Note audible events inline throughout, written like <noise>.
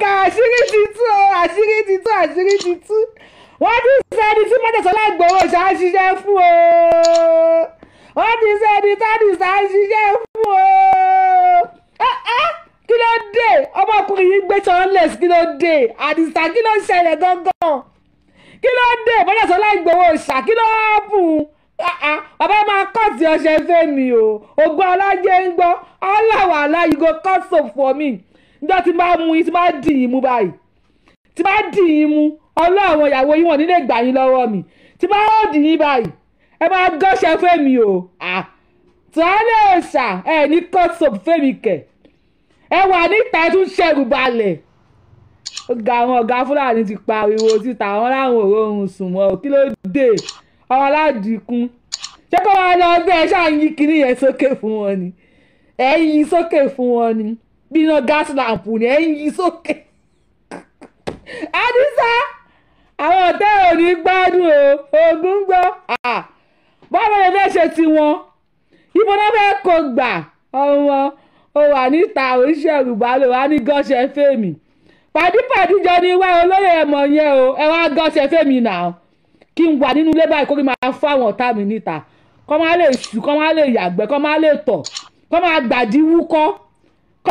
ga àṣírí ti tú o àṣírí ti tú àṣírí ti tú wọ́n ti sẹ́ni tí mọ́tòsọ́lá gbòòrò ṣá fún o wọ́n ti sẹ́ni tádì ṣá ń fún o ah, ah, kí ló dé ọmọkùnrin yìí gbé sọ́ọ́lẹ̀sì kí ló dé àdìsá kí ló ṣẹlẹ̀ gángan kí ló dé mọ́tòsọ́lá gbòòrò ṣá kí ló bùn ah, bàbá máa kọ́ọ̀tì ọṣẹ fẹ́ mi o ògùn alájẹ ń gbọ́ all our life you go cut soap for me níjọ́ tí máa mú yín tí máa dì yín mú báyìí tí máa dì yín mú ọlọ́ àwọn ìyàwó yín wọ́n nílé gbà yín lọ́wọ́ mi tí máa dì yín báyìí ẹ máa gọ́ṣẹ́ fẹ́mi o tọ́lẹ̀ ṣà ẹ ní kọ́sọ̀p fẹ́mi kẹ̀ ẹ wà níta ẹ tún ṣẹ̀rù balẹ̀ ọ̀gá àwọn ọ̀gá fúlàní ti pariwo síta àwọn láwọn òórùn sùn mọ́ kí ló dé ọmọ aládìkún ṣé kó máa lọ ọdún ẹ ṣáà yí kinní yẹn sókè fún wọn ni ẹ sókè fún wọn ni. Bino gas lamp ni ẹ̀ ń yí sókè àdìsá àwọn ọ̀tẹ́ ò ní gbádùn o ogun gbọ́ bọ́ọ̀lù ẹ̀fẹ́ ṣe tiwọn ibo náà fẹ́ kó gbà ọmọ o wà níta oríṣiríṣi ìbálò wa ní gọ́ṣẹ́ fèmí pàdípàdí jọ ní wá olóyè ẹ̀mọ̀ yẹn o ẹ wá gọ́ṣẹ́ fèmí na. kí n wà nínú ilé báyìí kó kí n máa fún àwọn ọ̀tá mi níta kọ́ máa lè sùn kọ́ máa lè yàgbẹ́ kọ́ máa lè tọ̀ kọ́ máa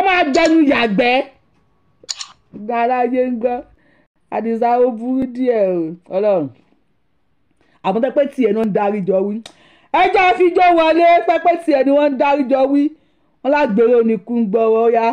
kó máa jẹnu yàgbẹ́ dáráyé ń gbọ́ àdìsá ó burú díẹ̀ o ọlọ́run àmọ́tẹ́ pé tiẹ̀ náà ń darí jọ wí ẹjọ́ fíjọ́ wọlé pẹ́pẹ́ tiẹ̀ ni wọ́n ń darí jọ wí wọ́n lágbèrè oníkú ń gbọ́ wọ́ yá.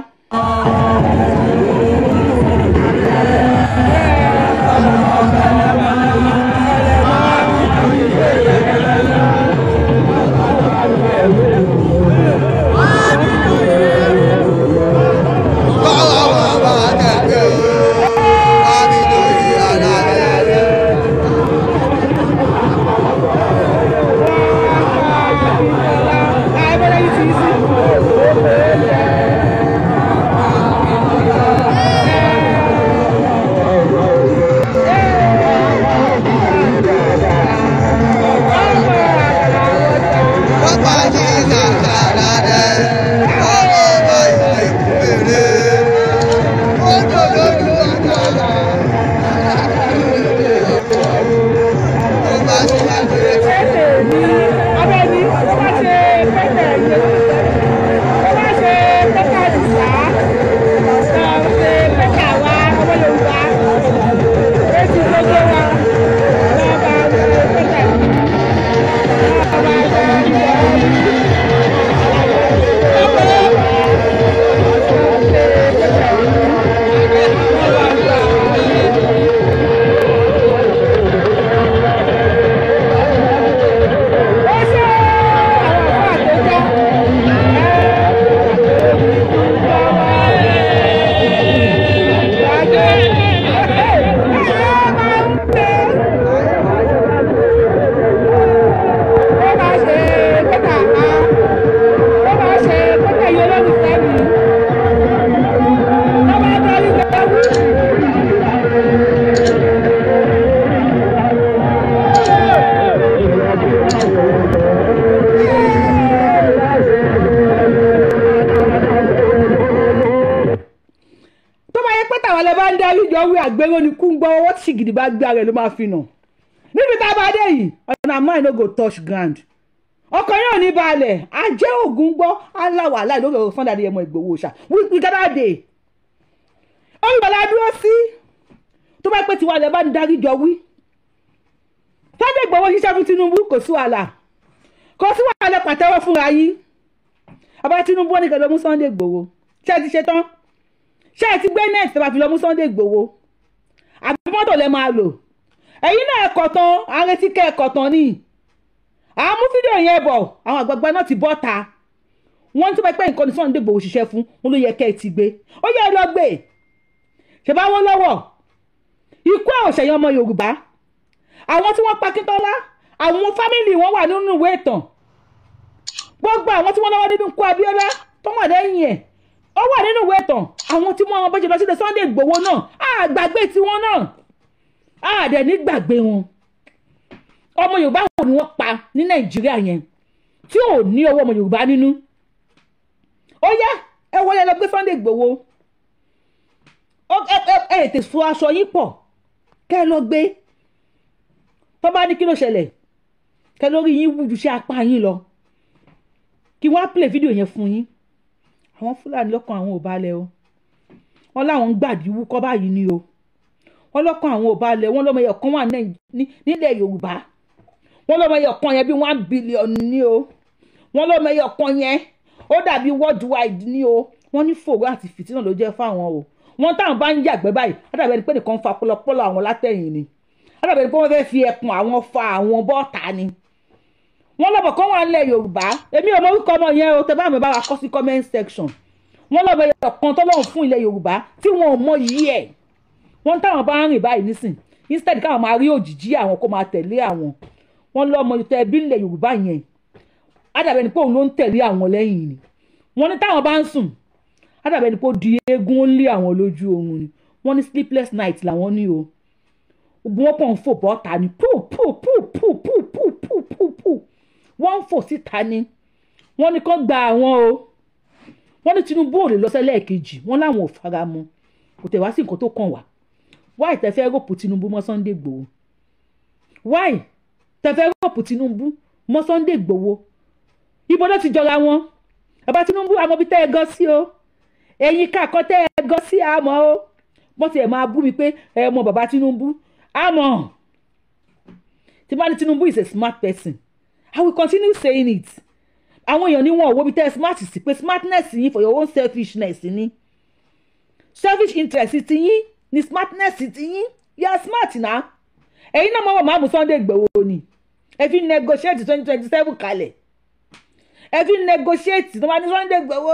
òwe àgbẹ̀rọ ni kú ń gbọ́ ọwọ́ tí gidi bá gbá rẹ̀ ló máa fi nà níbi tá a bá dé yìí ọ̀nà mine no go touch ground ọkàn yóò ní balẹ̀ ajé ògùn gbọ́ aláwọ̀ aláì lórí ọ̀rọ̀ fúnadé ẹmọ Ìgbòho ṣá we gather day olùbọ̀lá dúró sí tó bá pẹ́ tiwa lẹ́ bá ń darí jọ wí Sunday Igboho ṣiṣẹ́ fún Tinubu kò sí wàhálà kò sí wàhálà pàtẹ́wọ́ fúnra yín àbá Tinubu wọn ni kẹlẹ́ mú Sunday Igboho ṣé ẹ ti ṣe tán ṣé ẹ ti gbé net tó bá fi lọ mú Sunday Igboho àbí mọ́tò lẹ máa lò ẹ̀yin náà ẹ̀kọ́ tán àrètí kẹ́ ẹ̀kọ́ tán ni àwọn mú fídíò yẹn bọ̀ àwọn àgbààgbà náà ti bọ́ ta wọ́n ti pẹ́ nǹkan ní Sunday Igboho ṣiṣẹ́ fún wọn ló yẹ kẹ́ ẹ ti gbé ó yẹ ẹ lọ gbé ṣèbá wọn lọ́wọ́ ikú àwọn òṣèyàn ọmọ Yorùbá àwọn tí wọ́n pa Akíntọ́lá àwọn fámìlì wọn wà nínú ìwé ìtàn gbogbo àwọn tí wọ́n lọ́wọ́ nínú ikú Abíọ́lá tó wà lẹ́yìn ẹ̀ ó wà nínú ìwé ìtàn àwọn tí wọ́n bọ́jọ́ lọ sí Sunday Igboho náà àgbàgbé tiwọn náà àdẹ̀ ní gbàgbé wọn ọmọ Yorùbá wo ni wọ́n pa ní Nàìjíríà yẹn tí ò ní ọwọ́ ọmọ Yorùbá nínú ó yá ẹ wọlé lọ gbé Sunday Igboho ẹ ètè so aṣọ yín pọ̀ kẹ́ ẹ lọ gbé tó bá ní kí ló ṣẹlẹ̀ kẹ́ lórí yín wújú sí apá yín lọ kí wọ́n á play fídíò yẹn fún yín àwọn fúlàní lọ́kàn àwọn ò balẹ̀ o wọ́n láwọn ń gbàdíwú kọ́ báyìí ni o wọ́n lọ́kàn àwọn ò balẹ̀ wọ́n lọ́mọ ẹ̀yọ̀kan wà nílẹ̀ yorùbá wọ́n lọ́mọ ẹ̀yọ̀kan yẹn bí one billion ni o wọ́n lọ́mọ ẹ̀yọ̀kan yẹn ó dàbí worldwide ni o wọ́n ní fòrò àti fìtínà ló jẹ́ fáwọn o wọ́n táwọn bá ń yàgbẹ́ báyìí àdàbẹ̀ ni pé nìkan fa pọlọpọlọ àwọn látẹ̀yìn ni àdàbẹ̀ ni pé wọ́n fẹ́ fi ẹkùn àwọn fa àwọn bọ́ọ̀tà ni wọ́n lọ́bọ̀ kan wà nílẹ̀ yorùbá èmi ò mọ orúkọ ọmọ yẹn o tẹ́bá mi bá wa kọ sí comment section wọ́n lọ́bọ̀ ọ̀kan tọ́lọ́run fún ilẹ̀ yorùbá tí wọn ò mọ yìí ẹ̀ wọ́n táwọn bá ń rìn báyìí nísìn instead káwọn máa rí òjìjí àwọn kó máa tẹ̀lé àwọn wọ́n lọ́mọ tẹ̀bí ilẹ̀ yorùbá yẹn ádàbẹ̀ ni pé òun ló ń tẹ̀lé àwọn lẹ́yìn ni wọ́n ní táwọn bá ń sùn ádàbẹ̀ ni pé ó di eégún ó ń lé àwọn lójú oorun ni wọ́n ní sleepless night làwọn ní o ogun wọn pọ̀ ń fò bọ́ta ni pù pù pù wọ́n ń fò síta ni wọ́n ní kán gba àwọn o wọ́n ní Tinubu ò lè lọ sẹ́lẹ̀ kejì wọ́n láwọn ò fara mu kò tẹ̀ wá sí nǹkan tó kàn wá wáì tẹ̀fẹ́ rọ́pù Tinubu mọ́ Sunday Igboho wáì tẹ̀fẹ́ rọ́pù Tinubu mọ́ Sunday Igboho ibo ló ti jọra wọn bàbá Tinubu amọ̀bí tẹ́ ẹ gan sí o ẹ̀yin kàkọ́ tẹ́ ẹ gan sí àmọ́ o wọ́n ti ẹ̀ máa bú mi pé ẹ mọ bàbá Tinubu àmọ́ tí bá ní Tinubu is a smart person I will continue saying it àwọn èèyàn ní wọn ò wo bí tẹ́ smart sí pé smartness yín for your own selfishness ni selfish interest ti yín ni smartness ti yín you are smart na ẹ̀yin náà mọ̀wọ́ máàmù Sunday Igboho ni ẹ fi negotiate twenty twenty seven kalẹ̀ ẹ fi negotiate tó máa ní Sunday Igboho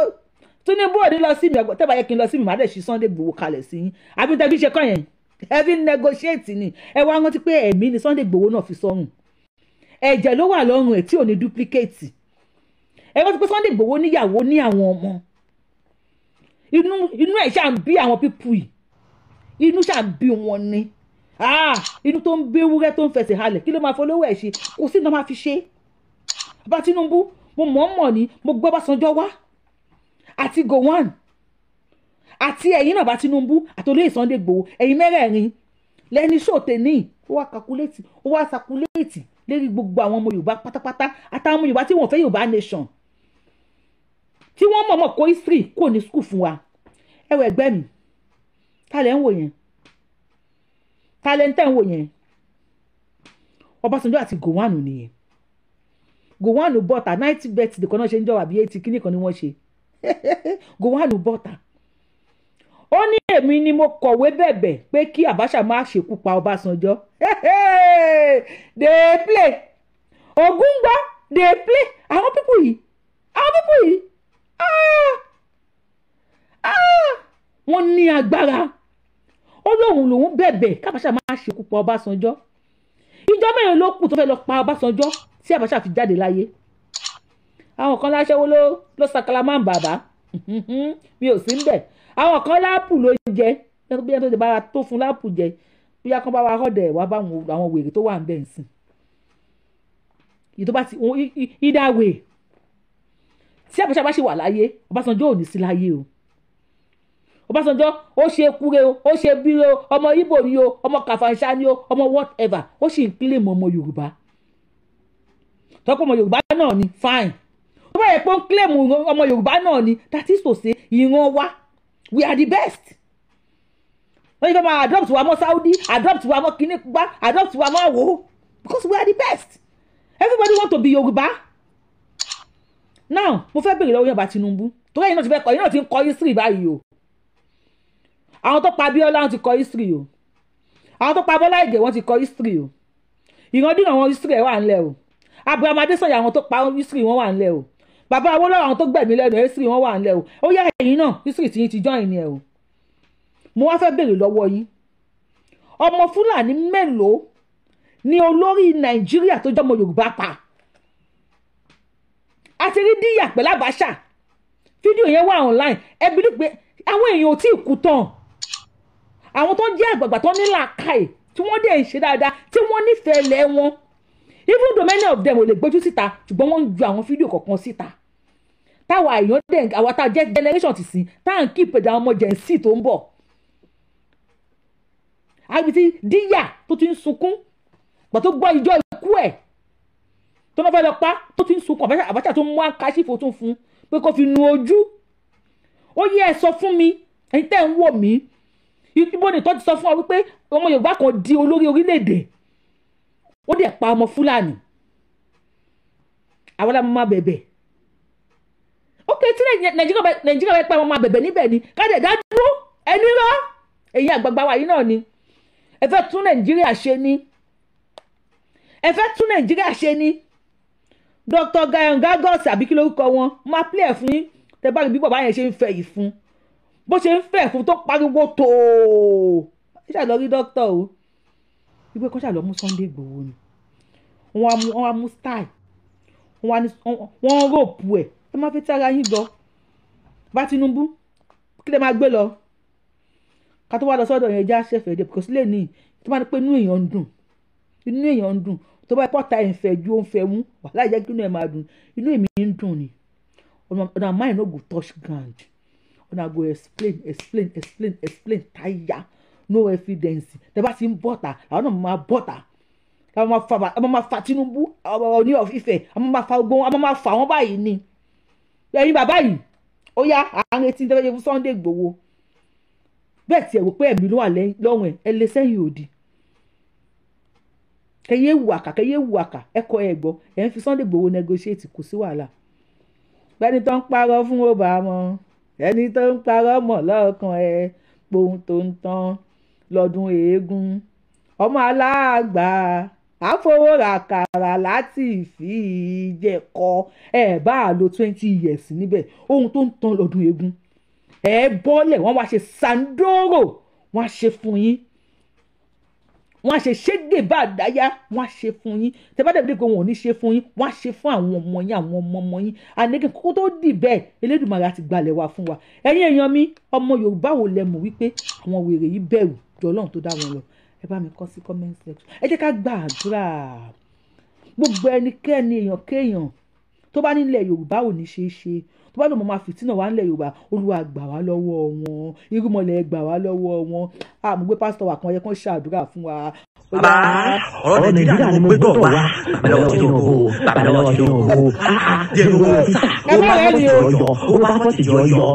Tinubu ò ní lọ sí mi ẹgbẹ́ tẹ́ bá yẹ kí n lọ sí mi màá dẹ̀ ṣí Sunday Igboho kalẹ̀ sí yín àbí tẹ́ fi ṣe kàn yẹn ẹ fi negotiate ni ẹ wá rántí pé ẹ̀mí ni Sunday Igboho náà fi sọ́run. So ẹ̀jẹ̀ ló wà lọ́rùn ẹ̀ tí ò ní duplicate ẹ rántí pé Sunday Igboho níyàwó ní àwọn ọmọ inú inú ẹ̀ ṣáà ń bí àwọn pípù yìí inú ṣáà ń bí wọn ni ah, inú tó ń bí ewúrẹ́ tó ń fẹsẹ̀ halẹ̀ kí ló máa fọlọ́wọ́ ẹ̀ ṣe kò sí ní wọ́n máa fi ṣe bá Tinubu mo mọ̀ ọ́n mọ̀ ni mo gbé Ọbásanjọ́ wá àti Gowon àti ẹ̀yin náà bá Tinubu àtòlóyè Sunday Igboho ẹ̀yin mẹ́rẹ̀ẹ̀rin lẹ́ni ṣòtẹ́ ní ó wá kakuléètì ó lérí gbogbo àwọn ọmọ yorùbá pátápátá àtàwọn ọmọ yorùbá tí wọ́n fẹ́ yorùbá nation tí wọ́n mọ̀ọ́mọ̀ kó history kò ní school fún wa ẹ wọ ẹgbẹ́ mi ta lẹ́ ń wò yẹn ta lẹ́ ń tẹ̀ ń wò yẹn Ọbásanjọ́ àti Gowon nìyẹn Gowon bọ́ta ninety birthday kan náà ṣe ń jọ àbí eighty kíní kan ni wọ́n ṣe <laughs> Gowon bọ́ta ó ní èmi ni mo kọ̀wé bẹ̀bẹ̀ pé kí Abacha má ṣekú pa Ọbásanjọ́ dey play Ògúngbá dey play àwọn pípù yìí àwọn pípù yìí ah, ah, wọ́n ní agbára ó lóun lòun bẹ̀bẹ̀ kábàṣà máa ṣekú pa Ọbásanjọ́ ìjọ mẹ́rin ló kù tó fẹ́ lọ pa Ọbásanjọ́ tí Abacha fi jáde láyé àwọn kan láṣẹ́wó ló ló sakala máa ń bàbá. <laughs> mi ò sí níbẹ̀ àwọn kan láàpù ló ń jẹ bí wọ́n tó ti bá wa tó fún láàpù jẹ bí wọ́n kan bá wa họ́dẹ̀ wá bá àwọn wèrè tó wà ń bẹ̀ ń sìn ìtọ́ bá ti either way tí àbúṣà bá ṣe wà láyé Ọbásanjọ́ ò ní sí láyé o Ọbásanjọ́ ó ṣe kúre o ó ṣe bíre o ọmọ Ìgbò ni o ọmọ kàfàǹṣà ni o ọmọ whatever ó sì ń kílèmù ọmọ Yorùbá tọ́pọ̀ ọmọ Yorùbá náà ni fine bá yẹ pé ọmọ yorùbá náà ni that is to say ìran wa we are the best wọ́n yìí fẹ́ máa adopt wa mọ́ saudi adopt wa mọ́ kíní gbá adopt wa mọ́ wo because we are the best everybody want to be yorùbá now mo fẹ́ bèrè lọ́wọ́ yọba tinubu torí ẹ̀yin náà ti fẹ́ kọ ẹ̀yin náà ti ń kọ history báyìí o àwọn tó pa abiola wọn ti kọ history o àwọn tó pa bọ́lá ìgè wọn ti kọ history o ìrandíran wọn history ẹ̀ wà ńlẹ̀ o abraham adesanya àwọn tó pa history wọn wà ńlẹ̀ o bàbá awó lọ́wọ́ àwọn tó gbẹ̀mí lẹ́nu history wọn wà ńlẹ̀ o ó yá ẹ̀yin náà history tí yín ti join ni ẹ̀ o mo wá fẹ́ béèrè lọ́wọ́ yín ọmọ fúlàní mélòó ni olórí nàìjíríà tó jọmọ yorùbá pa àti rí díyà pẹ̀lú àbáṣà fídíò yẹn wà online ẹ bínú pé àwọn èèyàn ò tí ì kú tán àwọn tó jẹ́ àgbààgbà tó ní làákàyè tí wọ́n dẹ̀ ń ṣe dáadáa tí wọ́n nífẹ̀ẹ́ lẹ́ wọn even though many of them ò lè gbójú síta ṣùgbọ́n wọ́n ń ju àwọn fídíò kọ̀ọ̀kan síta táwa èèyàn dẹ̀ àwa tá a jẹ́ generation ti sìn tá à ń kíp ẹ̀dá ọmọ jẹ̀ ń sì tó ń bọ̀ àbí ti díyà tó ti ń sunkún gbà tó gbọ́ ìjọ ikú ẹ̀ tó náà fẹ́ lọ pa tó ti ń sunkún Abacha tó mú àkàṣìfò tó fún pé kó fi nu ojú ó yẹ ẹ sọ fún mi ẹ̀yin tẹ́ ń wò mí ibo ni tó ti sọ fún ọ wípé ọmọ Yorùbá kan di olórí orílẹ̀-èdè ó dẹ̀ pa ọmọ Fúlàní àwọn làwọn máa bẹ̀bẹ̀ ó ké tí nàìjíríà bá pẹ́ wọn máa bẹ̀bẹ̀ níbẹ̀ ni káde dádúró ẹni rọ èyí àgbàgbà wa yìí náà ni ẹ fẹ́ tún nàìjíríà ṣe ni ẹ fẹ́ tún nàìjíríà ṣe ni Dr. gayon gagos àbí kí lórúkọ wọn máa pílẹ̀ fún yín tẹ bá rí bí bàbá yẹn ṣe ń fẹ́ yìí fún bó ṣe ń fẹ́ fún tó pariwo tòó ẹ ṣàlọ́ rí dókítà o ìgbé kan ṣàlọ́ mú Sunday Igboho ni wọ́n á mú style wọ́n á ní wọ́n ẹ má fi tára yín gbọ́ bá Tinubu kí lè máa gbé lọ ká tó wá lọ sọ́dọ̀ yẹn já ṣẹ̀fẹ̀ dé because lè ní tó bá ní pé inú èèyàn ń dùn inú èèyàn ń dùn tó bá pọ̀ta ẹ̀ ń fẹ́ ju òun fẹ́ mú wà láì jẹ́ kí inú ẹ̀ máa dùn inú èmi ń dùn ni ọ̀nà mine no go touch ground ọ̀nà go explain explain explain explain tire no evidence tẹ bá ti ń bọ̀tà àwọn náà máa bọ̀tà àwọn máa fa Tinubu àwọn Ọọ̀ni of Ifẹ̀ àwọn máa fa gbogbo àwọn máa fa wọn báyìí ni ẹ̀yin bàbá yìí ó yá àárín etí ní fún Sunday Igboho bẹ́ẹ̀ tiẹ̀ wò pé ẹ̀mí ló wà lọ́rùn ẹ̀ ẹ lè sẹ́yìn òdì kẹyẹ wùwàkà kẹyẹ wùwàkà ẹ kọ ẹ gbọ́ ẹ ń fi Sunday Igboho negotiate kò sí wàhálà bẹ́ẹ̀ni tó ń parọ́ fún ọba mọ́ ẹni tó ń parọ́ mọ́ lọ́ọ̀kan ẹ pohun tó ń tán lọ́dún eégún ọmọ aláàgbà àfọwọ́ ràkàrà láti ìfì ìjẹ̀kọ ẹ̀ bá a lo twenty years níbẹ̀ ohun tó ń tan lọ́dún eegun ẹ̀ bọ́lẹ̀ wọ́n wá ṣe sandoro wọ́n á ṣe fún yín wọ́n á ṣe ṣégbè bá àdáyá wọ́n á ṣe fún yín tẹ́bàdàbídé pé wọn ò ní ṣe fún yín wọ́n á ṣe fún àwọn ọmọ yín àwọn ọmọ ọmọ yín àníkè kókó tó dì bẹ́ẹ̀ Elédùmarè ti gbalẹ̀ wá fún wa ẹ̀yin èèyàn mi ọmọ Yorùbá wo lẹ mọ̀ wípé àwọn wèrè yìí bẹ̀rù jọlọ́run tó dá wọn lọ ẹ bá mi kọ sí comment section ẹ jẹ́ ká gbàdúrà gbogbo ẹnikẹ́ni èèyàn kéèyàn tó bá nílẹ̀ yorùbá ò ní ṣeé ṣe tó bá lò mọ́ máa fìtínà wá nílẹ̀ yorùbá olúwa gbà wá lọ́wọ́ wọn irúmọlẹ̀ gbà wá lọ́wọ́ wọn àmúgbé pásítọ̀ wà kan yẹ kán ṣàdúrà fún wa bàbá ọ̀rọ̀ nàìjíríà ni mo gbé bọ̀ wá babalọ́wọ́ Tinubu babalọ́wọ́ Tinubu Tinubu sá ó bá fọ́ sí ọyọ ó bá fọ́ sí ọyọ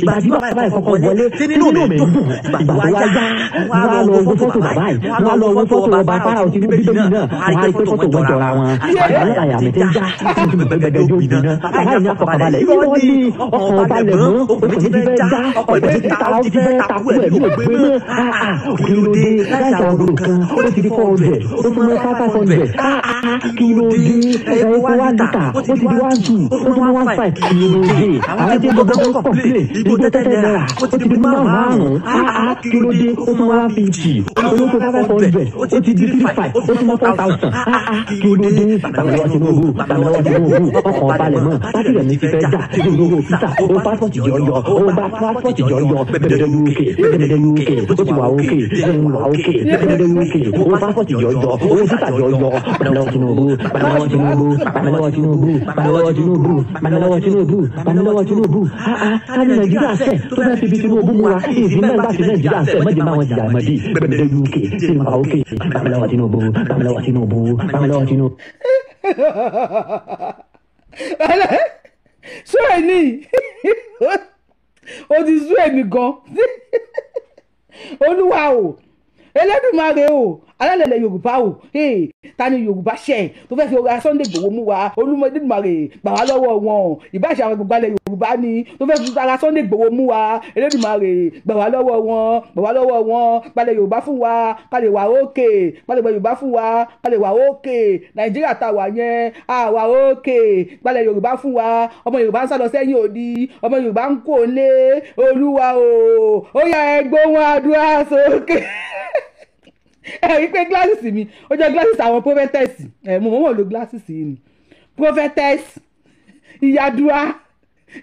ìgbà tí bàbá yìí kọ́kọ́ wọlé tínú mi dùn ìgbà tó wá yá wọ́n á lọ wọ́n fọ́tò bàbá yìí wọ́n á lọ wọ́n fọ́tò ọba fara òtí níbi bíbí náà wọ́n á pé fọ́tò wọn jọra wọn àgbàlá àyà mi ti ń já tuntun gbẹgbẹgbẹ yóò bì náà bàbá yìí náà fọkàn balẹ̀ yóò ní ọkàn balẹ̀ mọ́ ọkàn mi ti fẹ́ já ọkàn mi ti ta ọkàn mi ti fẹ́ ta kú ẹ̀ ló gbé mọ́ ó ti di four hundred ó ti lọ five five hundred kí ló dé ẹ̀rọ epo one litre ó ti di one two ó ti di one five kí ló dé àwọn ẹgbẹ́ gbogbo tó kọ̀pìlẹ̀ ìgbò tẹ́tẹ́ náírà ó ti di márùn-ún kí ló dé ó ti wá fifty olóko five five hundred ó ti di three five ó ti mọ four thousand kí ló dé bàbá wa ti mú owó bàbá wa ti mú owó ọkọ̀ balẹ̀ mọ́ pátì rẹ̀ ní ti fẹ́ jà kí ló dé títà ó pásítọ̀tì jọ yọ ó bá pásítọ̀tì jọ yọ bẹ́ẹ̀ bẹ́ẹ̀ ní uk bẹ́ẹ̀ bẹ́ẹ̀ ní uk ó ti wà ok bẹ́ẹ̀ ń wà ok bẹ́ẹ̀ bẹ́ẹ̀ ní uk ó bá fọ̀tì yọjọ ó sísà yọjọ panilọ́wọ́ Tinubu panilọ́wọ́ Tinubu panilọ́wọ́ Tinubu panilọ́wọ́ Tinubu panilọ́wọ́ Tinubu panilọ́wọ́ Tinubu káni Nàìjíríà fẹ́ tó fẹ́ fi bí Tinubu múra ìdí náà bá fi Nàìjíríà fẹ́ mọ́jì máa wọn jìyà mọ́jì bẹ́ẹ̀ UK sí ma ok panilọ́wọ́ Tinubu panilọ́wọ́ Tinubu panilọ́wọ́ Tinubu. sọ ẹ ní o ti sú èmi gan olúwa o Elédùmarè o alálẹ̀lẹ̀ Yorùbá o ta ni Yorùbá ṣe tó fẹ́ fi Sunday Igboho mú wa olúmọdédùmarè gbà wá lọ́wọ́ wọn ìbáṣà àwọn gbogbo alẹ̀ Yorùbá ni tó fẹ́ fi ara Sunday Igboho mú wa Elédùmarè gbà wá lọ́wọ́ wọn gbà wá lọ́wọ́ wọn palẹ̀ Yorùbá fún wa palẹ̀ wà òkè palẹ̀ Yorùbá fún wa palẹ̀ wà òkè Nàìjíríà ta wà yẹn àwà òkè palẹ̀ Yorùbá fún wa ọmọ Yorùbá ń sá lọ sẹ́yìn òdi ọmọ Yorùbá ń kò lé Olúwa o ó yá ẹ gbóhùn àdúrà sókè ẹ rí i pé glasses mi ó jẹ́ glasses àwọn prophetess ẹ mo mọ̀ lo glasses yìí ni prophetess ìyàdúrà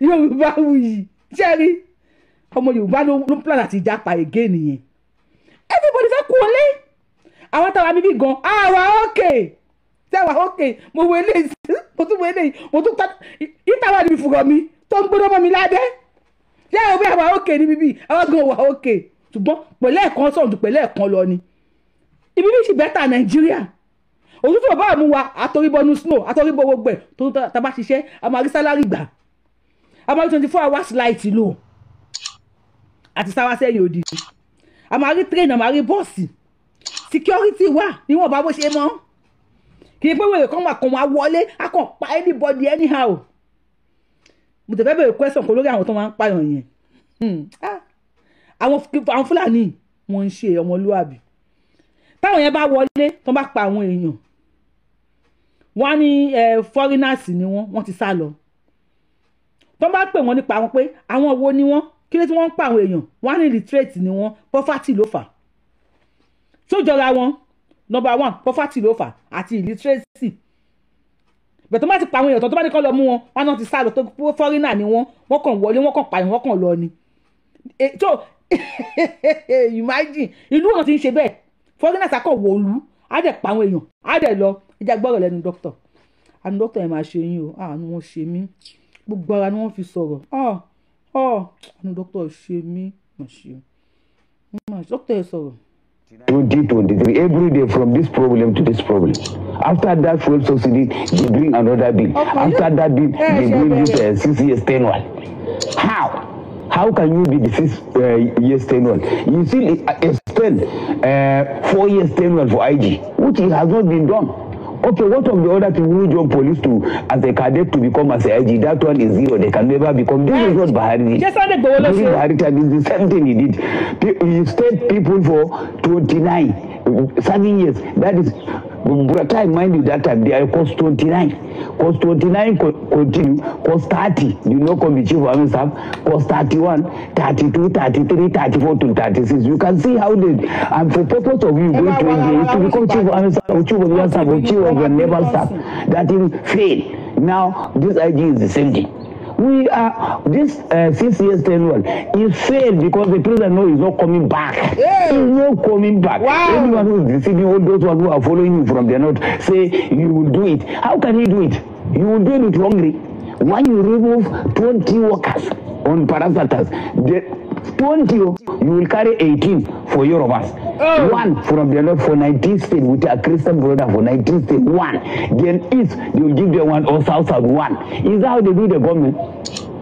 yorùbá wuyì jẹ́rí ọmọ yorùbá ló ń plan àti ìjàpá ègé nìyẹn everybody fẹ́ kú ọlé àwọn táwa mi bí gan àwa ókè tẹwà ókè mo wo eléyìí <laughs> mo tún wo eléyìí mo tún tọ́ ìtawà ni ìfúrọ̀ mi tó ń gbóná mọ́ mi lábẹ́ yẹ́n o bí àwa ókè níbí bí àwọn gan wà ókè ṣùgbọ́n pẹ̀lẹ́ ẹ̀kan sọ̀rọ̀ ju pẹ̀lẹ́ ẹ̀kan lọ ni ibi bí ṣì bẹ́tà nàìjíríà òtútù ọba àmú wa àtọríbọnú snow àtọríbọ gbogbo ẹ̀ tó tàbá ṣiṣẹ́ àmàrí sálárì gbà àmàrí twenty four hours light lò àti sáwá sẹ́yìn òdì àmàrí train àmàrí bọ́ọ̀sì security wà níwọ̀n bá bó ṣe mọ́ kì í pé wèrè kan wà kan wá wọlé a kàn pa anybody anyhow mo tẹ̀ fẹ́ bẹ̀rẹ̀ question kan lórí àwọn tó máa ń pààyàn yẹn hmm. ah, àwọn fúlàní wọ́n ń ṣe ọmọlúwàbí táwọn yẹn bá wọlé tó bá pa àwọn èèyàn wọ́n ní foreigners ni wọ́n wọ́n ti sá lọ tó bá pè wọ́n nípa wọn pé àwọn wo ni wọ́n kí ló tí wọ́n ń pa àwọn èèyàn wọ́n ní illiterate ni wọ́n poverty ló fà tó wọn number one poverty ló fà àti illiteracy bẹ̀ tó bá ti pa àwọn èèyàn tó bá ní kọ́ lọ mú wọn wọn náà ti sá lọ tó foreigner ni wọ́n wọ́n kàn wọlé wọ́n kàn pààyàn wọ́n kàn lọ ni e, so <laughs> imagine ìlú wọn ti ń ṣe bẹ́ẹ̀ foreigners akọ̀ wò lú á dẹ̀ pa àwọn èèyàn á dẹ̀ lọ ẹja gbọ́rọ̀ lẹ́nu dókítà àánú dókítà yẹn máa ṣe yín o àánú wọn ṣe mí gbogbo ara ni wọ́n fi sọ̀rọ̀ ọ̀ ọ̀ àánú dókítà ṣe mí mà ṣe dókítà yẹn sọ̀rọ̀. twenty twenty three every day from this problem to this problem after that fuel subsidy they bring another bill okay, after that bill yeah, they eh, bring yeah, this eh. uh, six years ten one how how can you be the six uh, eh, years ten one you see a, spend uh, four years tenure for IG, which has not been done. Okay, what of the other thing? We join police to as a cadet to become as a IG? That one is zero. They can never become. This is not Bahari. Yes, I think Bahari is the same thing he did. He stayed people for 29, seven years. That is Burata, I mind you, that time, they cost twenty nine, Cost twenty nine, continue, cost thirty. You know, Combi Chief Army Staff, cost thirty thirty one, two, thirty three, thirty four to thirty six. You can see how they, and for purpose of you going to India, to become Chief Army Staff, or Chief of Army Staff, or Chief of the Naval Staff, that is fail. Now, this IG is the same thing we are this uh, six years tenure he failed because the president know he's not coming back yeah. he's not coming back wow. anyone is deceiving all those who are following you from the north say you will do it how can he do it you will do it wrongly when you remove twenty workers on parastatals they. 20, you will carry 18 for Yorubas. Oh. One from the Lord for 19 states with a Christian brother for 19 states. One. Then East, will give them one or South, South, one. Is that how they do the government?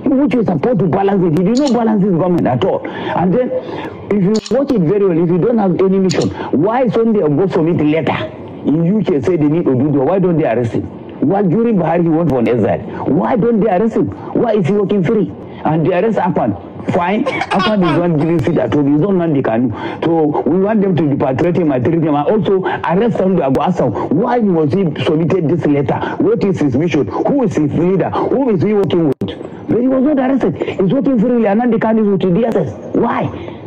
Which you support to balance it. You do not balance this government at all. And then, if you watch it very well, if you don't have any mission, why they go submit letter? In UK, say they need to do that? Why don't they arrest him? Why during Buhari he went for an exile? Why don't they arrest him? Why is he walking free? and the arrest happened. Fine. After this one giving seat at home. not man they can. So we want them to repatriate him and treat him. And also arrest him to ask him why was he submitted this letter? What is his mission? Who is his leader? Who is he working with? But he was not arrested. He's working freely and now they can with to DSS. Why?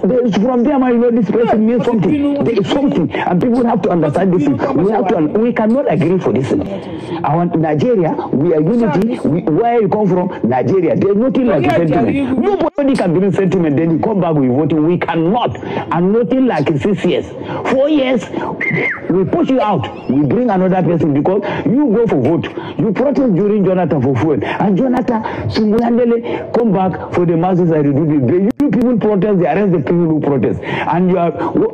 from them, I know this person means something. there is something, and people have to understand this. We have to. We cannot agree for this. I want Nigeria. We are unity. We, where you come from, Nigeria. There's nothing like sentiment. Nobody can bring sentiment. Then you come back with voting. We cannot. And nothing like six years, four years. We push you out. We bring another person because you go for vote. You protest during Jonathan for food, and Jonathan Sungulandele come back for the masses and reduce it. You people protest. They arrest the people who protest. And your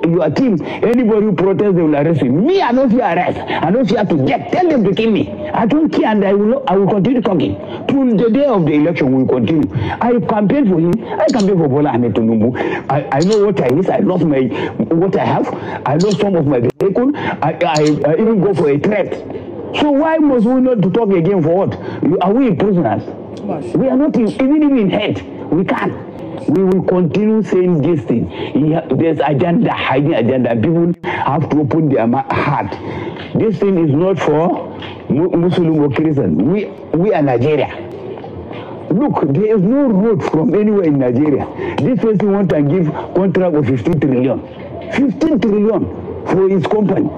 your team, anybody who protests, they will arrest you. Me, I don't fear arrest. I don't fear to get. Tell them to kill me. I don't care, and I will I will continue talking till the day of the election. We will continue. I campaign for him. I campaign for Bola Ahmed Tinubu. I, I know what I miss. I lost my what I have. I lost some of my vehicle. I, I, I even go for a threat. So why must we not talk again for what? Are we prisoners? We are not in, even in head. We can't we will continue saying this thing. There's agenda, hiding agenda. People have to open their heart. This thing is not for Muslim or Christian. We, we are Nigeria. Look, there is no road from anywhere in Nigeria. This person want to give contract of 15 trillion. 15 trillion for his company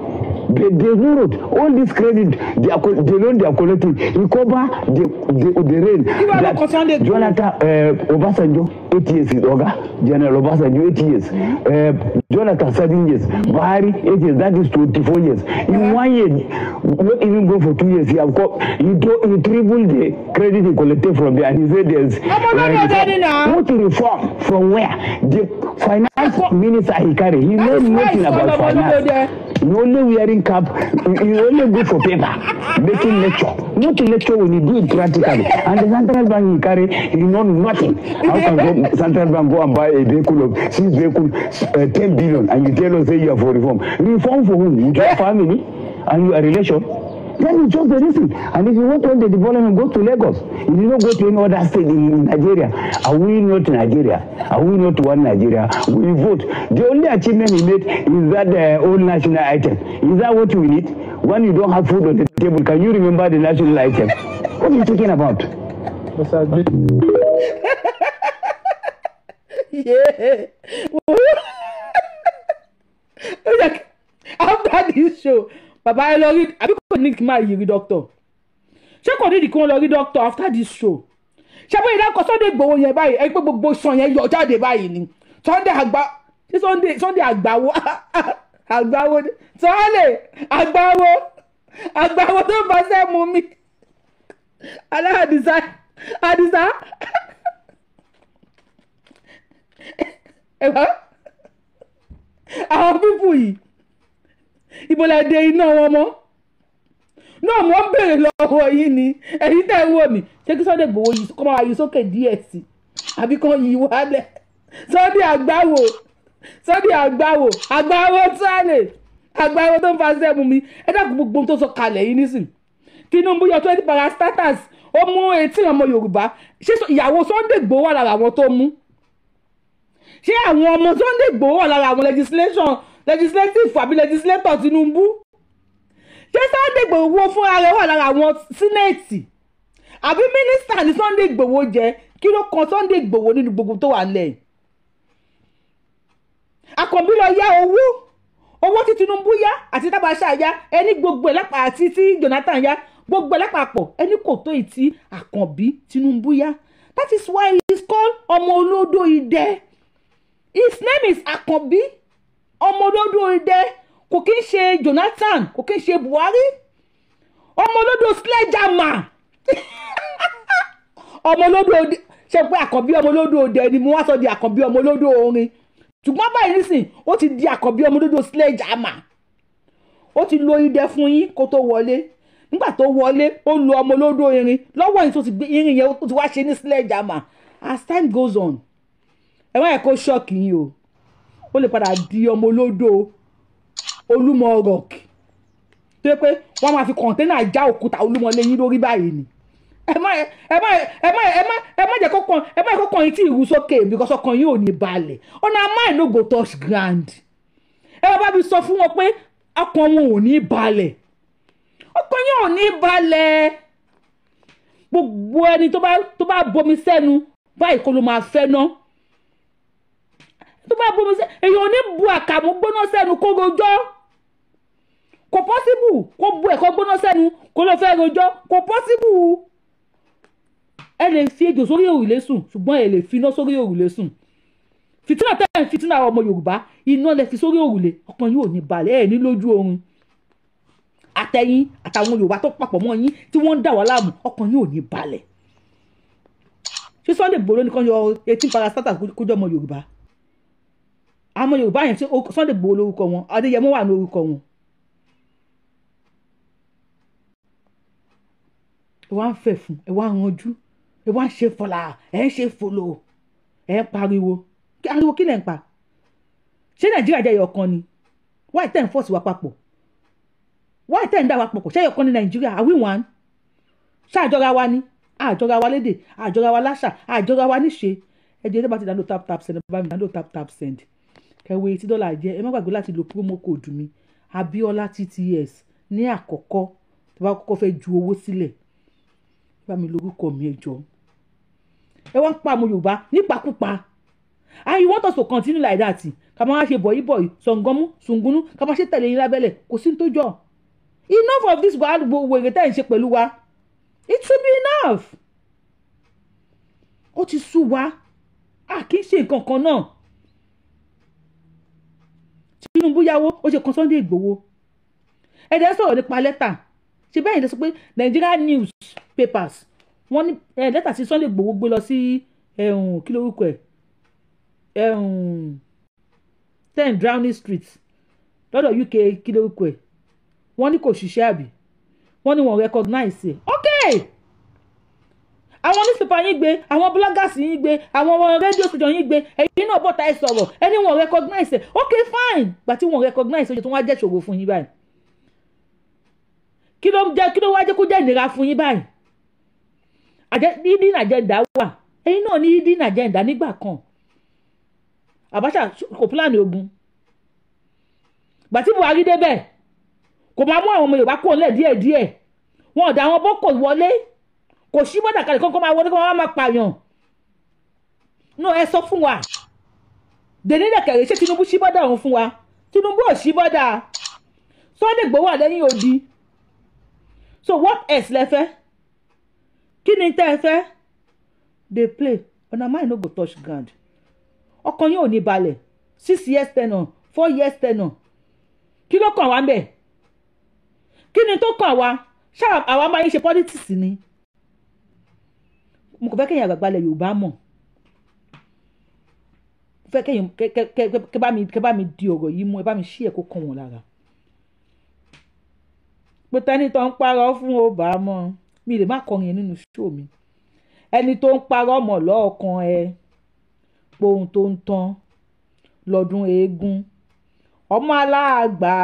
they, they know it. All this credit, they are they loan they are collecting. Recover the the, the rain. That Jonathan uh, Obasanjo, eight years is Oga. General Obasanjo, eight years. Hmm? Uh, Jonathan, seven years. Hmm? Buhari, eight years. That is twenty-four years. In one year, not even go for two years. He have got he, do, he tripled the credit he collected from there, and he said there's. Uh, what reform from where the finance minister he carry he know nothing about finance. You only wearing cap You only good for paper making lecture not lecture when you do it practically and the central bank you carry you know nothing how can go central bank go and buy a vehicle of six vehicle uh, ten billion and you tell us say you are for reform reform for whom Your family and you are relation. Tell you just the reason. And if you want all the development, go to Lagos. You you not go to any other state in, in Nigeria, are we not Nigeria? Are we not one Nigeria? We vote. The only achievement we made is that uh, old national item. Is that what we need? When you don't have food on the table, can you remember the national item? <laughs> what are you talking about? yeah. Like, <laughs> <laughs> after this show bàbá ẹ lọ rí àbí kò ní kí n máa yí rí dókítà ṣé kò ní kí wọ́n lọ rí dókítà after this show ṣé bóyá ìdákọ̀ Sunday Igboho yẹn báyìí ẹ pé gbogbo sàn yẹn yọ jáde báyìí ni Sunday àgbà ṣé Sunday àgbàwo àgbàwo Sunday àgbàwo àgbàwo <laughs> tó bá sẹ́ mú mi aláàdìsá àdìsá <laughs> ẹ̀wọ̀n àwọn pípù yìí ìbọ̀lẹ̀dẹ iná wọn mọ́ náà mo ń béèrè lọ́wọ́ yìí ni ẹ̀yin tẹ́ ń wò mí ṣé kí Sunday Igboho yìí kọ́ máa yí sókè díẹ̀ sí àbí kan yí wálẹ̀ Sunday àgbáwò Sunday àgbáwò àgbáwò sálẹ̀ àgbáwò tó ń fa sẹ́mu mi ẹ dákun gbogbo tó sọ kalẹ̀ yìí nísìn Tinubu yọ twenty parastatus ó mú etí ọmọ Yorùbá ṣé ìyàwó Sunday Igboho wà lára àwọn tó mú ṣé àwọn ọmọ Sunday Igboho wà lára àwọn legislation legislative àbí legislator Tinubu ṣé Sunday Igboho fúnra rẹ̀ wà lára àwọn sínẹ́ẹ̀tì àbí minister ní Sunday Igboho jẹ kí ló kan Sunday Igboho nínú gbogbo tó wà lẹ̀ Àkànbí lọ yá owó owó tí Tinubu yá àti tábàṣà yá ẹni gbogbo ẹlẹ́pàá àti tí Jonathan yá gbogbo ẹlẹ́pàpọ̀ ẹni kò tó ìtì Àkànbí Tinubu yá that is why he is called ọmọ olódó idẹ his name is Àkànbí ọmọlódò idẹ kò kí ń ṣe Jonathan kò kí ń ṣe Buhari ọmọlódò sledgehammer <laughs> ọmọlódò ṣe pé àkànbí ọmọlódò idẹ ni mo wá sọ di àkànbí ọmọlódò orin ṣùgbọ́n báyìí nísìn ó ti di àkànbí ọmọlódò sledgehammer ó ti lo idẹ fún yín kó tó wọlé nígbà tó wọlé ó lo ọmọlódò irin lọ́wọ́ yìí tó ti gbé irin yẹn ó ti wá ṣe ní sledgehammer as time goes on ẹ̀wọ̀n ẹ̀ kó ṣọ́ọ̀kì yìí o. ó lè padà di ọmọ olódò olúmọ rock tó yẹ pé wọ́n máa fi kọ̀ǹténà já òkúta olúmọ lẹ́yìn lórí báyìí ni ẹ má ẹ má ẹ má ẹ má ẹ má jẹ́ kọ́kàn ẹ má jẹ́ kọ́kàn yín tí ìrú sókè because ọkàn yín ò ní balẹ̀ ọ̀nà amáì no go touch ground ẹ bá mi sọ fún wọn pé ọkàn wọn ò ní balẹ̀ ọkàn yín ò ní balẹ̀ gbogbo ẹni tó bá bomi sẹ́nu báyìí kó ló máa fẹ́ náà tó bá bomi sí èèyàn ò ní bu àkàmú gbóná sẹ́nu kó rojọ́ kò pọ́síbù kó bu ẹ̀kọ́ gbóná sẹ́nu kó lọ fẹ́ rojọ́ kò pọ́síbù ẹ lè fi ejò sórí òrùlé sùn ṣùgbọ́n ẹ lè fi iná sórí òrùlé sùn fìtínà tẹ́ ẹ̀ ń fìtínà àwọn ọmọ yorùbá iná lẹ fi sórí òrùlé ọkàn yóò ní balẹ̀ ẹ̀ ní lójú oorun àtẹ̀yìn àtàwọn yorùbá tó papọ̀ mọ́ yín tí wọ́n ń dà wá láàmú ọkàn yóò ní balẹ̀ ṣé Sunday Igboho nìkan yọ eighteen para starters kójọ́ ọmọ yorùbá àwọn yorùbá yẹn tí Sunday Igboho lórúkọ wọn adéyẹmọ wà ní orúkọ wọn. ẹ wá ń fẹ̀ fún ẹ wá ń ranjú ẹ wá ń ṣe fọlà ẹ ń ṣe fòlò ẹ ń pariwo ariwo kí lẹ̀ ń pa ṣé nàìjíríà jẹ́ ẹyọkan ni why ten force wà papọ̀ why ten dá wa papọ̀ ṣé ẹyọkan ni nàìjíríà are we one ṣáàjọra wa ni àjọra wa lédè àjọra wa láṣà àjọra wa níṣe ẹ jẹ́ ẹ bá ti dáńdó tap tap send ẹ bá mi dáńdó tap tap send kẹwé eighty dollar jẹ́ ẹ má gbàgbé láti lo promo code mi abiola tts ní àkọ́kọ́ tó bá kọ́kọ́ fẹ́ ju owó sílẹ̀ bá mi lórúkọ mi ẹ jọ ẹ wá ń pa àwọn yorùbá nípakúpa and you want us to continue like that ká máa ṣe bọ̀yì bọ̀yì sọ̀ngọ́mú sùngúnú ká máa ṣe tẹ̀lé yín lábẹ́lẹ̀ kò sí ní tó jọ enough of this gbogbo wèrè tẹ́ ẹ̀ ń ṣe pẹ̀lú wa it should be enough ó ti sú wa a kì í ṣe nǹkan kan náà Tinubu yáwó ó ṣe kan Sunday Ìgbòho ẹ̀dẹ̀ sọ̀rọ̀ nípa lẹ́tà ṣe bẹ́ẹ̀ lè sọ pé Nigeria news papers wọ́n ní lẹ́tà sí Sunday Ìgbòho gbé lọ sí kí lórúkọ ẹ̀ ten Downing Street lọ́dọ̀ UK kí lórúkọ ẹ̀ wọ́n ní kò ṣiṣẹ́ àbí wọ́n ní wọ́n recognize ẹ̀ okay àwọn newspaper yín gbé àwọn bloggers yín gbé àwọn radio station yín gbé ẹ̀yin náà bọ̀ta ẹ sọ̀rọ̀ ẹni wọn recognize ẹ ok fine gbà tí wọn recognize oṣù tó wá jẹ́ ṣòro fún yín báyìí kí ló jẹ́ kí ló wá jẹ́ kó jẹ́ ìnira fún yín báyìí hidden agenda wà ẹ̀yin náà ní hidden agenda nígbà kan Abacha kò plan ogun gbà tí Buhari débẹ̀ kò máa mú àwọn ọmọ Yorùbá kó lẹ̀ díẹ̀díẹ̀ wọn ò dá àwọn Boko wọlé kò sí bọ́dà kalẹ̀ kọ́kọ́ máa wọlé kọ́ máa pààyàn náà ẹ sọ fún wa dènídàkẹ̀rẹ̀ ṣé Tinubu sí bọ́dà òun fún wa Tinubu ò sí bọ́dà Sunday Igboho lẹ́yìn odi so what else lẹ fẹ́ kí ni tẹ́ ẹ fẹ́ dey play una mind no go touch ground ọkàn yóò ní balẹ̀ six years tenure four years tenure kí ló kàn wá ń bẹ̀ kí ni tó kàn wá ṣáà àwa máa ń ṣe politics ni mo kàn fẹ́ kẹ́yìn àgbàgbà lẹ̀ Yorùbá mọ̀ mo fẹ́ kẹ́yìn kẹ́ bá mi kẹ́ bá mi di ọ̀rọ̀ yìí mú ẹ bá mi ṣí ẹ̀kọ́ kan wọn lára pé tẹ́ni tó ń parọ́ fún ó bá mọ́ mi lè má kọrin nínú ṣó mi ẹni tó ń parọ́ mọ̀ lọ́ọ̀kan ẹ pohun tó ń tán lọ́dún eégún ọmọ aláàgbà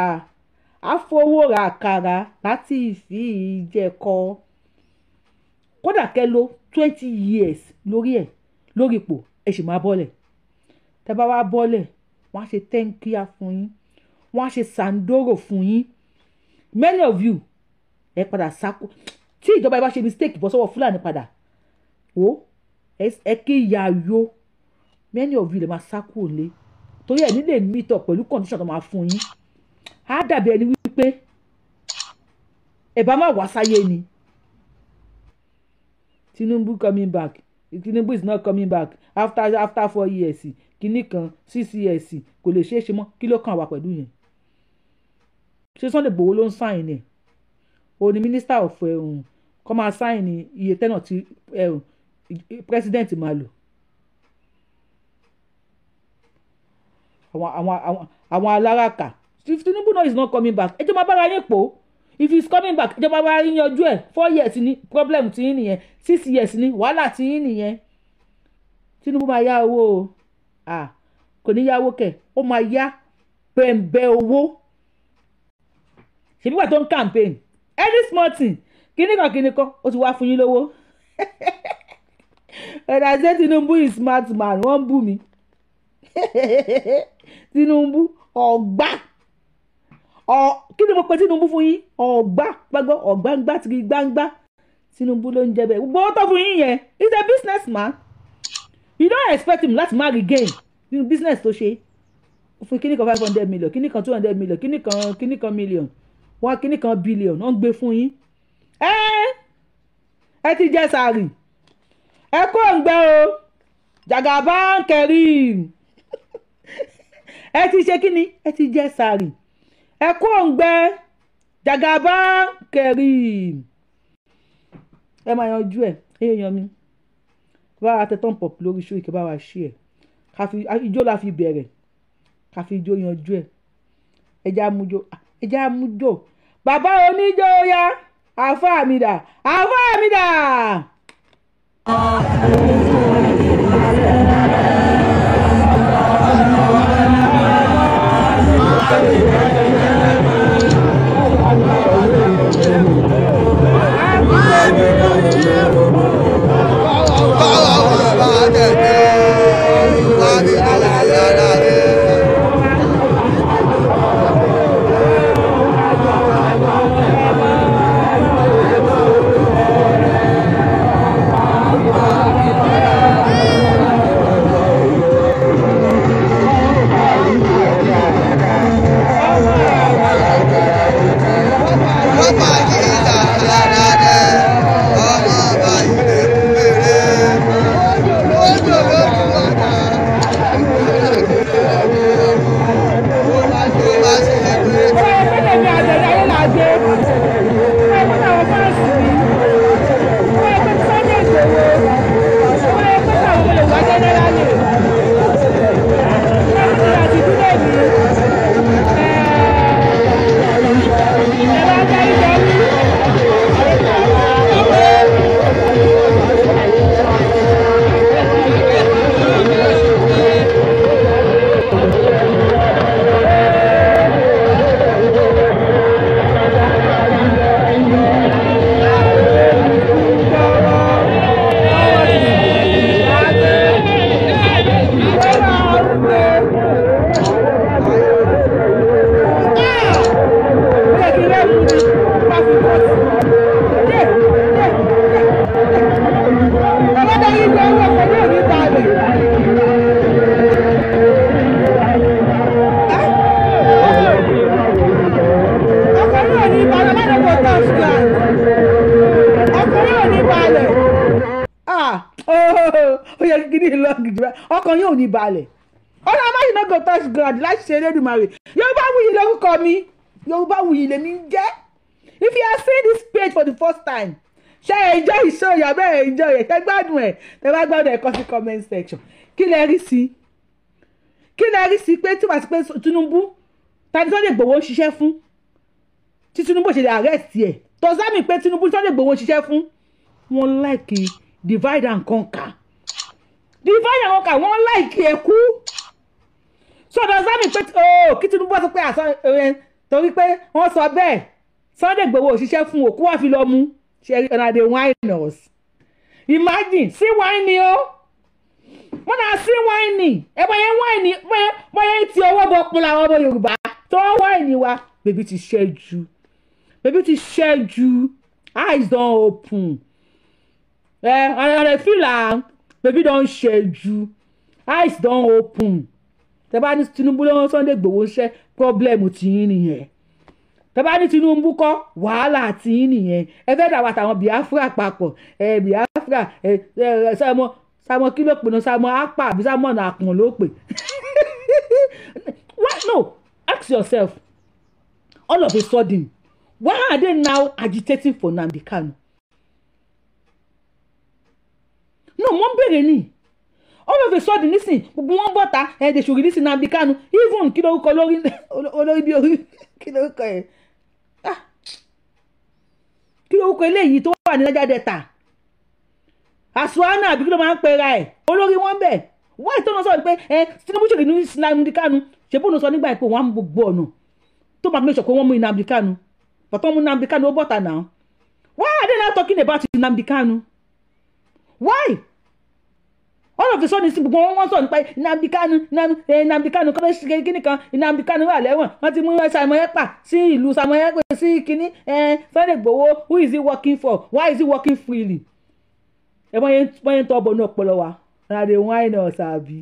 àfọwọ́ra àkàrà láti ìsì ìjẹ̀kọ kódà kẹ́ ló twenty years lórí ẹ̀ lórí ipò ẹ sì máa bọ́lẹ̀ tẹ́ bá wá bọ́lẹ̀ wọ́n á ṣe tẹ́ńkíá fún yín wọ́n á ṣe sàǹdóró fún yín many of you ẹ padà sáko tí ìjọba yìí bá ṣe mistake bọ́ sọ́wọ́ fúlàní padà wò ẹ kí ìyá yo many of you lè máa sáko lé torí ẹ̀ nílé meet up pẹ̀lú condition tó máa fún yín á dàbí ẹni wípé ẹ bá má wá sáyé ni tinubu coming back tinubu is not coming back after after four years kínní kan six years kò lè ṣeé ṣe mọ́ kí ló kàn wá pẹ̀lú yẹn ṣé Sunday Igboho ló ń sáìn ẹ̀ o ní minister of um, kọ́ máa sáìn iye tẹ́nà tí um, president máa lò àwọn àwọn àwọn aláràkà tinubu náà is not coming back ẹ jẹ́ máa bára yín pò ó if he is coming back ìjọba wa yanjú ẹ̀ four years ni problem ti yín nìyẹn six years ni wàhálà ti yín nìyẹn Tinubu máa yá owó o ah kò ní yáwó kẹ̀ ó máa yá pẹ̀mbẹ̀ owó ṣèbí wà tó ń campaign every small thing kíníkan kíníkan ó ti wá fún yín lówó <laughs> ẹ̀dá ṣé Tinubu is smart man wọ́n bù mí <laughs> Tinubu ọ̀gbá. Oh, kí ni mo pe Tinubu fún yín ọ̀gbá gbàgbọ́ ọ̀gbáǹgbá tìrì gbáǹgbá Tinubu ló ń jẹ bẹ́ẹ̀ gbogbo tó fún yín yẹn he is a business man you don't expect him láti má regain nínú business tó ṣe fún kíní kan five hundred million kíní kan two hundred million kíní kan kíní kan million wọn kíní kan billion wọn ń gbé fún yín ẹ ẹ ti jẹ sàárì ẹ kó ń gbẹ o jàgàbá ń kẹrí <laughs> ẹ ti ṣe kíni ẹ ti jẹ sàárì ẹkú òǹgbẹ jàgàbá kẹrì ẹ máa yanjú ẹ èèyàn mi bá a tẹ tán pọ̀pù lórí ṣó ìkẹ́ wa ṣí ẹ̀ káfi ijó la fi bẹ̀rẹ̀ káfi ijó yanjú ẹ̀ ẹja mújó ah, ẹja mújó bàbá oníjó ya àfọ àmì dà àfọ àmì dà. balẹ̀ ọlọ́mọdé no go touch ground láti ṣe Elédùmarè yorùbá wuyì lórúkọ mi yorùbá wuyì lèmi ń jẹ́ if you are seeing this page for the first time ṣe enjoy ìṣó yà bẹ́ẹ̀ enjoy ẹ̀ ṣe gbádùn ẹ̀ tẹ bá gbádùn ẹ̀ kọ sí comment section kí lẹ rí sí kí lẹ rí sí pé tí wàá sí pé Tinubu tàbí Sunday Igboho ń ṣiṣẹ́ fún tí Tinubu ṣe lè arrest ẹ̀ tọ́sámì pé Tinubu Sunday Igboho ń ṣiṣẹ́ fún wọn láìkì divide and conquer. Divine àwọn kan wọ́n láìkí ẹkú so does that mean pé ooo kí Tinubu sọ pé àsọ ẹ eh, torí pé wọ́n sọ bẹ́ẹ̀ Sunday Igboho òṣìṣẹ́ fún òkú wà fi lọ mú ṣe ọ̀nà àdé winers imagine sí wáìnì o wọ́n náà sí wáìnì ẹ bọ́yẹ wáìnì bọ́yẹ ti ọwọ́ bọ́ pọ́n làwọn ọmọ Yorùbá tó wáìnì wa bèbí ti ṣẹ́ ju bèbí ti ṣẹ́ ju eyes don open ẹ ọ̀nà ọ̀nà fìlà baby don ṣẹ́jú eyes don open tẹ bá ní Tinubu lọ́wọ́ Sunday Igboho ṣẹ́ problem ti yín nìyẹn tẹ bá ní Tinubu kọ́ wàhálà ti yín nìyẹn ẹ fẹ́ dàwọn àtàwọn Biafra papọ̀ ẹ Biafra ẹ ẹ sọmọ sàmọ kí ló pè ní sàmọ apá àbí sàmọ ọ̀nà àpọ̀n ló pè <laughs> why no ask yourself all of a sudden why are they now agitating for Nnamdi Kanu no wọ́n béèrè ni all of a sudden nísìn gbogbo wọn bọ̀ta ẹ̀ dẹ̀ ṣòrí nísìn Nnamdi Kanu even kí lórúkọ lórí olórí bí orí kí lórúkọ yẹn ah kí lórúkọ eléyìí tó wà ní lọ́jà dẹ́ta àsùnwánà àbí kí ló máa ń pera ẹ̀ olórí wọn bẹ̀ wọ́n ìtọ́nà sọ̀rọ̀ pé ẹ Tinubu ṣèkì ní Nnamdi Kanu ṣèbú òun sọ nígbà pé wọ́n á gbogbo ọ̀nà tó máa fi pé wọ́n mú Nnamdi Kanu bàtọ́ mú Nnamdi Kanu ó bọ̀ta náà why are they now talking about Nnamdi Kanu why all of a sudden sí gbogbo wọn wọn sọ nípa Nnamdi Kanu eh, Nnamdi Kanu kọ́ bẹ́ẹ̀ kíní kan Nnamdi Kanu wà lẹ́wọ̀n wọ́n ti mú Simon Ekpa sí ìlú Simon Ekpa sí kíní Sunday eh, Igboho who is he working for why is he working freely ẹ bọ́ yẹn tọ́ bọ̀ ní ọpọlọ wa ẹ̀rọ̀dẹ̀ wáìnà ṣàbí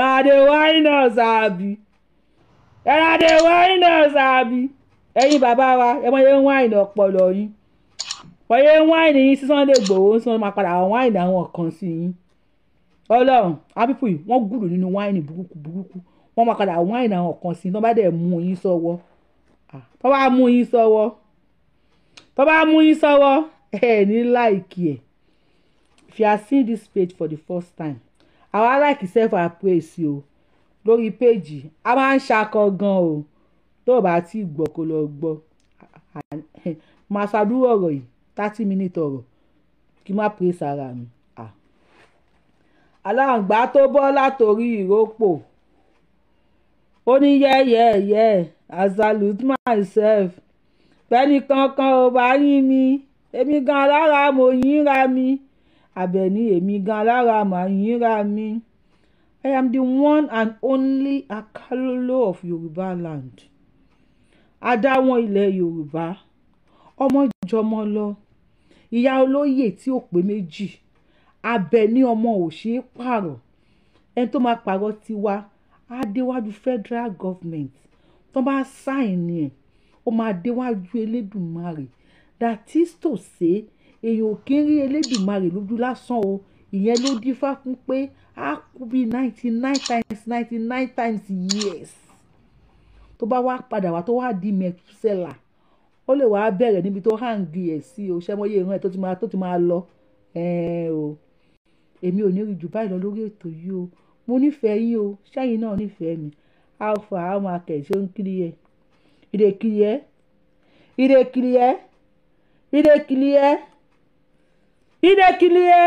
ẹ̀rọ̀dẹ̀ wáìnà ṣàbí ẹ̀rọ̀dẹ̀ wáìnà ṣàbí ẹ̀yin bàbá wa ẹ bọ́ yẹn wáìnà ọpọlọ yín bọ́ yẹn wáìnà yín sí Sunday Igboho ń sọ máa padà wáìnà àwọn kan sí yín ọlọ́run abipu yìí wọ́n gùrù nínú wáìnì burúkú burúkú wọ́n máa padà wáìnì àwọn kan sí i tó bá dẹ̀ mú yín sọ́wọ́ tó bá mú yín sọ́wọ́ tó bá mú yín sọ́wọ́ ẹ̀ ní láìkí ẹ̀ if you have seen this page for the first time àwa láìkí self appraise o lórí péjì a máa ń ṣakọ gan o tó o bá ti gbọ́ kó lọ gbọ́ màá ṣàdúrò ọ̀rọ̀ yìí thirty minute ọ̀rọ̀ kí n má praise ara mi aláǹgbá tó bọ́ látorí ìrókò ó ní As I salute myself fẹ́ni kankan ò bá yín mi èmi gan lára mo yín ra mi àbẹ̀ní èmi gan lára mà yín ra mi I am the one and only Akalolo of Yorùbá land adáwọn ilẹ̀ Yorùbá ọmọ jọmọ lọ ìyá olóyè tí ò pé méjì Abẹni ọmọ ò ṣe é pààrọ̀. Ẹni tó máa pààrọ̀ tiwa, á déwájú federal government. Tí wọ́n bá sign ẹ̀, ó máa déwájú Elédùmarè. That is to say, èèyàn ò kí ń rí Elédùmarè lójú lásán o. Ìyẹn ló dífá fún pé á kú bí ninety nine times ninety nine times yes. Tó bá wá padà wá tó wá di mẹ̀kúsẹ́là, ó lè wá bẹ̀rẹ̀ níbi tó hang ẹ̀ sí o. Ṣé mọ iye ìran ẹ tó ti máa lọ? Ẹ̀ o èmi ò ní rí jù báyìí lọ lórí ètò yìí o mo nífẹ̀ẹ́ yín o ṣẹ́yìn náà nífẹ̀ẹ́ mi alpha àwọn akẹ́ṣẹ́ ń kiri ẹ ìrèkiri ẹ ìrèkiri ẹ ìrèkiri ẹ ìrèkiri ẹ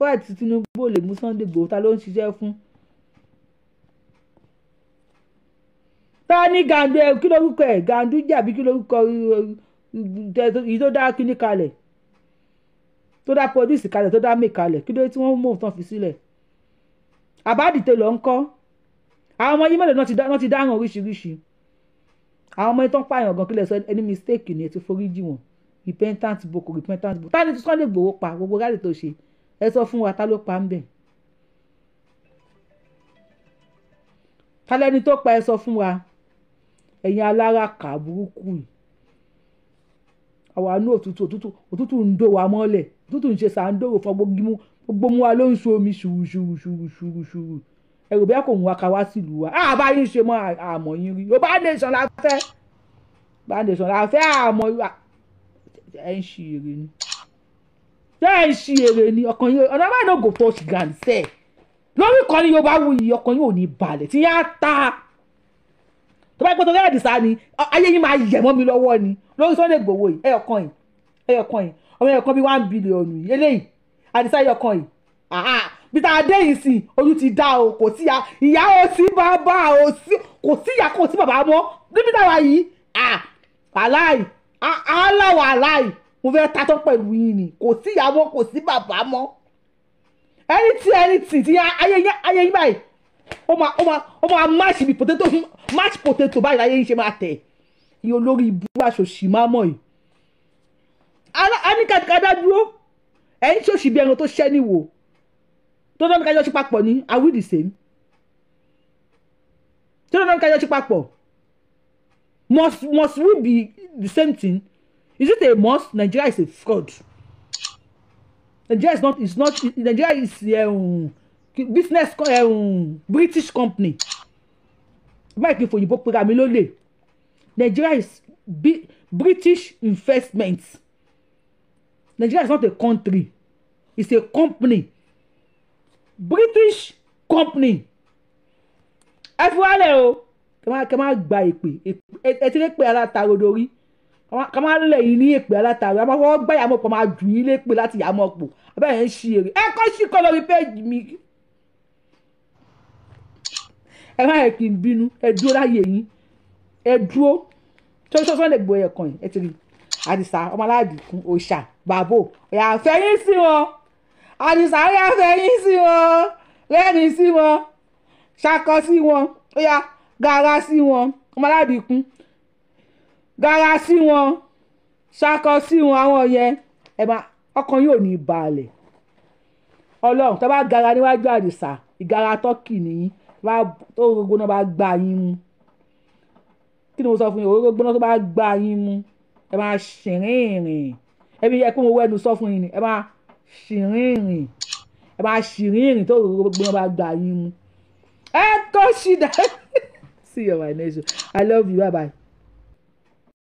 wáyé tí Tinubu ò lè mú Sunday Igboho ta ló ń ṣiṣẹ́ fún. ta ni Gàǹdú ẹ kí lórúkọ ẹ Gàǹdú jàbí kí lórúkọ ìyí tó dá kíní kalẹ̀ tó dá produce kalẹ̀ tó dá make kalẹ̀ kí ló tí wọ́n mú òtán fi sílẹ̀ àbádìtẹ̀ lọ ń kọ́ àwọn ọmọ yìí mẹ́lẹ̀ náà ti dáràn oríṣiríṣi àwọn ọmọ yìí tán pààyàn gan kílẹ̀ sọ ẹni mistake ni ẹ ti foríjì wọn repentant boko repentant boko táni tí Sunday Igboho pa gbogbo rally tó ṣe ẹ sọ fún wa ta ló pa ń bẹ̀ ta lẹni tó pa ẹ sọ fún wa ẹ̀yin alára kà burúkú yìí àwa ní òtútù òtútù òtútù ń dó wa mọ́lẹ̀ tútù ń ṣe sàǹdòrò fọ gbogbo gbogbo mu e wa ló ń so omi ṣùrù ṣùrù ṣùrù ṣùrù ṣùrù ẹ̀rù bẹ́ẹ̀ kò ń wa ká wá sílùú wa àbá yín ṣe mọ́ àmọ́ yín rí yorùbá nation la fẹ́ yorùbá nation la fẹ́ àmọ́ ẹ̀ ń ṣe èrè ni ẹ̀ ń ṣe èrè ni ọkàn yín ọ̀nà báyìí náà gò touch ground sẹ́ẹ̀ lórí ìkànnì yorùbá wuyì ọkàn yín ò ní balẹ̀ tí yá ta tó bá gbọ́dọ̀ rẹ́ẹ̀dì sá ni ayé yín máa yẹ̀ mọ́ mi lọ́wọ́ ni lórí Sunday Igboho yìí ẹ̀yọ̀kan yìí ẹ̀yọ̀kan yìí ọmọ ẹ̀kọ́ bíi one billion yìí eléyìí àdìsá ẹ̀yọkan yìí bí tá a dé yìí sí ojú ti dá o kò sí ya ìyá o sí bàbá o sí kò sí ìyá kò sí bàbá mọ́ níbi táwa yìí aláì aláwọ̀ aláì mo fẹ́ tatọ́ pẹ̀lú yìí ni kò sí ìyá mọ́ kò sí bàbá mọ́ ẹni tí ẹni tì tí ayé yín báyìí ó máa ó máa ó máa mash potato mash potato báyìí láyé yín ṣe máa tẹ̀ iye olórí ibú àṣòṣì máa mọ̀ yìí a ní kàdá dúró ẹ̀yin tí ó sì bí ẹran tó ṣẹ́ níwò tó dáná kájọ́ sí papọ̀ ni are we the same tó dáná kájọ́ sí papọ̀ must must we be the same thing is it a must Nigeria is a fraud Nigeria is not is not Nigeria is um, business um, British company mike ìfòyìnbó pera mi lólè Nigeria is British investments. Nigeria is not a country. It's a company. British company. Ẹ fi wálẹ̀ o. Kẹ́ máa gba èpè. Ẹ ti lè pè alátarò lórí. Kẹ́ máa lẹ̀ yín ní èpè alátarò. A máa fọwọ́ gbá ìyàmọ̀ pọ̀ máa jù yín lépè láti ìyàmọ̀ pọ̀. Abẹ́rẹ́ yẹn ń ṣe èrè. Ẹ kọ́ sí kọ́ lórí péjì mi. Ẹ má yẹ kí n bínú. Ẹ dúró láyè yín. Ẹ dúró. Sọ́sọ́sọ́ lè gbọ́ ẹ̀kan yìí. Ẹ ti rí i àdìsá ọmọláàdì fún òòṣà bàbò ọ̀yà àfẹ́yìn sí wọn àdìsá ọ̀yà àfẹ́yìn sí wọn lẹ́ni sí wọn ṣakọ sí wọn ọ̀yà gara sí wọn ọmọláàdì kún gara sí wọn ṣakọ sí wọn àwọn yẹn ẹ̀ máa ọkàn yóò ní balẹ̀ ọlọ́run tó bá gara níwájú àdìsá ìgara tọ́kì nìyí tó gbóná bá gbá yín mu kí ni mo sọ fún yín òróró gbóná tó bá gbá yín mu ẹ máa ṣìrìnrìn ẹbí ẹ kó mo wẹ́nu sọ fún yín ni ẹ máa ṣìrìnrìn ẹ máa ṣìrìnrìn tó gbogbo wọn bá gbà yín mu ẹ kọ́ ṣì dá <laughs> see you my next show i love you bye bye.